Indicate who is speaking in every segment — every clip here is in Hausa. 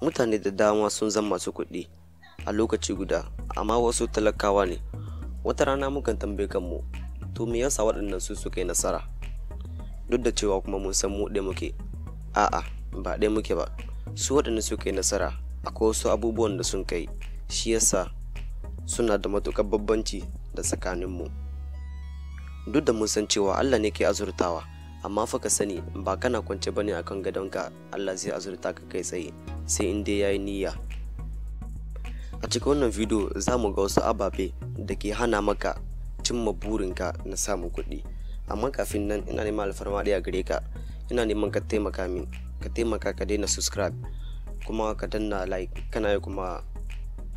Speaker 1: mutane da dama sun zama masu kuɗi a lokaci guda amma wasu talakawa ne wata rana mukan tambaye kanmu to me yasa waɗannan su suka yi nasara duk da cewa kuma mun san mu ɗaya muke a'a ba ɗaya muke ba su waɗanda suka yi nasara akwai wasu abubuwan da sun kai shi yasa suna da matuƙar babbanci da tsakaninmu duk da mun san cewa allah ne ke azurtawa amma fa ka sani ba kana kwance bane akan ka Allah zai azurta ka kai tsaye sai in dai yayi niyya a cikin wannan video za mu ga wasu ababe da ke hana maka cimma burinka na samun kuɗi amma kafin nan ina neman alfarma ɗaya gare ka ina neman ka taimaka min ka taimaka ka daina subscribe kuma ka danna like kana yi kuma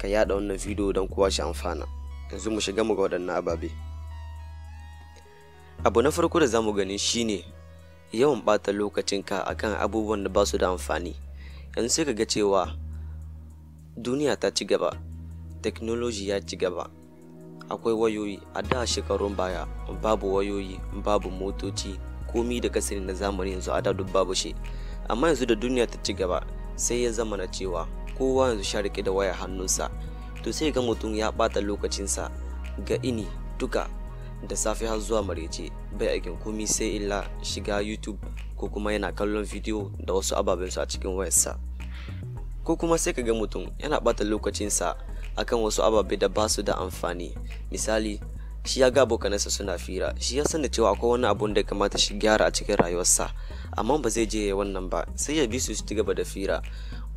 Speaker 1: ka yada wannan video don kowa shi amfana yanzu mu shiga mu ga waɗannan ababe abu na farko da zamu gani shine yawan bata lokacin ka akan abubuwan da ba su da amfani yanzu sai ka ga cewa duniya ta ci gaba teknoloji ya ci gaba akwai wayoyi a da shekarun baya babu wayoyi babu motoci komi da kasirin na zamani yanzu a da duk babu shi amma yanzu da duniya ta ci gaba sai ya zama na cewa kowa yanzu sha rike da waya hannunsa to sai ga mutum ya ɓata lokacinsa ga ini duka da safe har zuwa marece bai aikin komi sai illa shiga youtube ko kuma yana kallon bidiyo da wasu ababensu a cikin wayarsa ko kuma sai ka ga mutum yana bata lokacinsa akan wasu ababe da ba su da amfani misali shi ya ga abokanansa suna fira shi ya da cewa akwai wani abun da kamata shi gyara a cikin rayuwarsa amma ba zai je ya wannan ba sai ya bi su su gaba da fira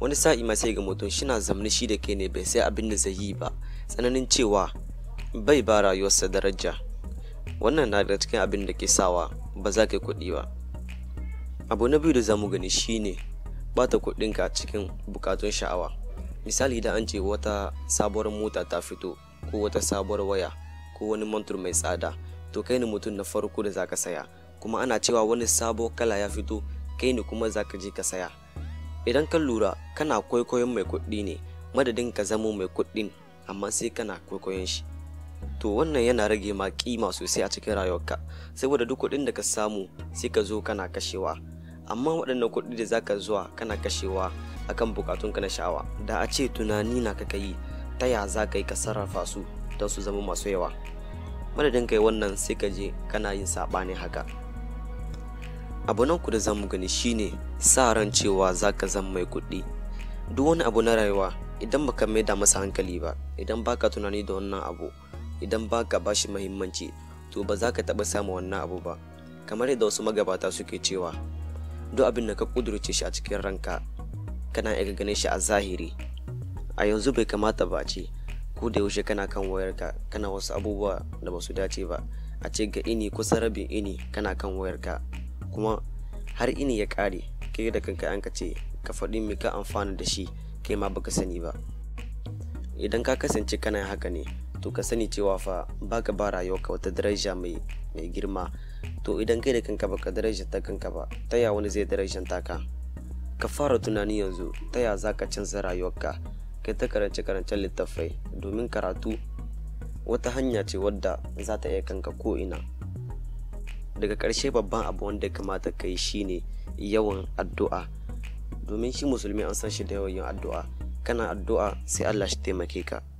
Speaker 1: wani sa'i ma sai ga mutum shina zamni shi da ke ne bai sai abin da zai yi ba tsananin cewa bai ba rayuwarsa daraja wannan na da cikin abin da ke sawa ba za ka yi kuɗi ba abu na biyu da za mu gani shine bata kuɗinka cikin bukatun sha'awa misali da an ce wata sabuwar mota ta fito ko wata sabuwar waya ko wani mantur mai tsada to kai ne mutum na farko da za ka saya kuma ana cewa wani sabuwar kala ya fito kai ne kuma za ka je ka saya idan ka lura kana kwaikwayon mai kuɗi ne madadin ka zamo mai kuɗin amma sai kana kwaikwayon shi to wannan yana rage ma kima sosai a cikin rayuwarka saboda duk kuɗin da ka samu sai ka zo kana kashewa amma waɗannan kuɗi da zaka zuwa kana kashewa akan bukatun ka na sha'awa da a ce tunani na ka yi ta ya za ka yi ka sarrafa su don su zama masu yawa madadin kai wannan sai ka je kana yin saɓanin haka abu nan ku da za mu gani shine sa ran cewa za ka zama mai kuɗi duk wani abu na rayuwa idan baka mai da masa hankali ba idan baka tunani da wannan abu idan ba ka bashi mahimmanci to ba za ka taɓa samu wannan abu ba kamar yadda wasu magabata suke cewa duk abin da ka kudurce shi a cikin ranka kana iya ganin shi a zahiri a yanzu bai kamata ba a ce ko da yaushe kana kan wayarka kana wasu abubuwa da ba su dace ba a ce ga ini kusa rabin ini kana kan wayarka kuma har ini ya kare ke da kanka an ka ce ka faɗi mai ka amfana da shi kai ma baka sani ba idan ka kasance kana haka ne to ka sani cewa fa baka ba ka wata daraja mai girma to idan kai da kanka baka daraja ta kanka ba ta yaya wani zai darajan ka ka fara tunani yanzu ta yaya za ka canza rayuwarka kai ta karance karancen littafai domin karatu wata hanya ce wadda za ta iya kanka ko ina daga karshe babban abu wanda kamata ka yi shine yawan addu'a domin shi musulmi an san shi da yawan yin addu'a kana addu'a sai Allah shi taimake ka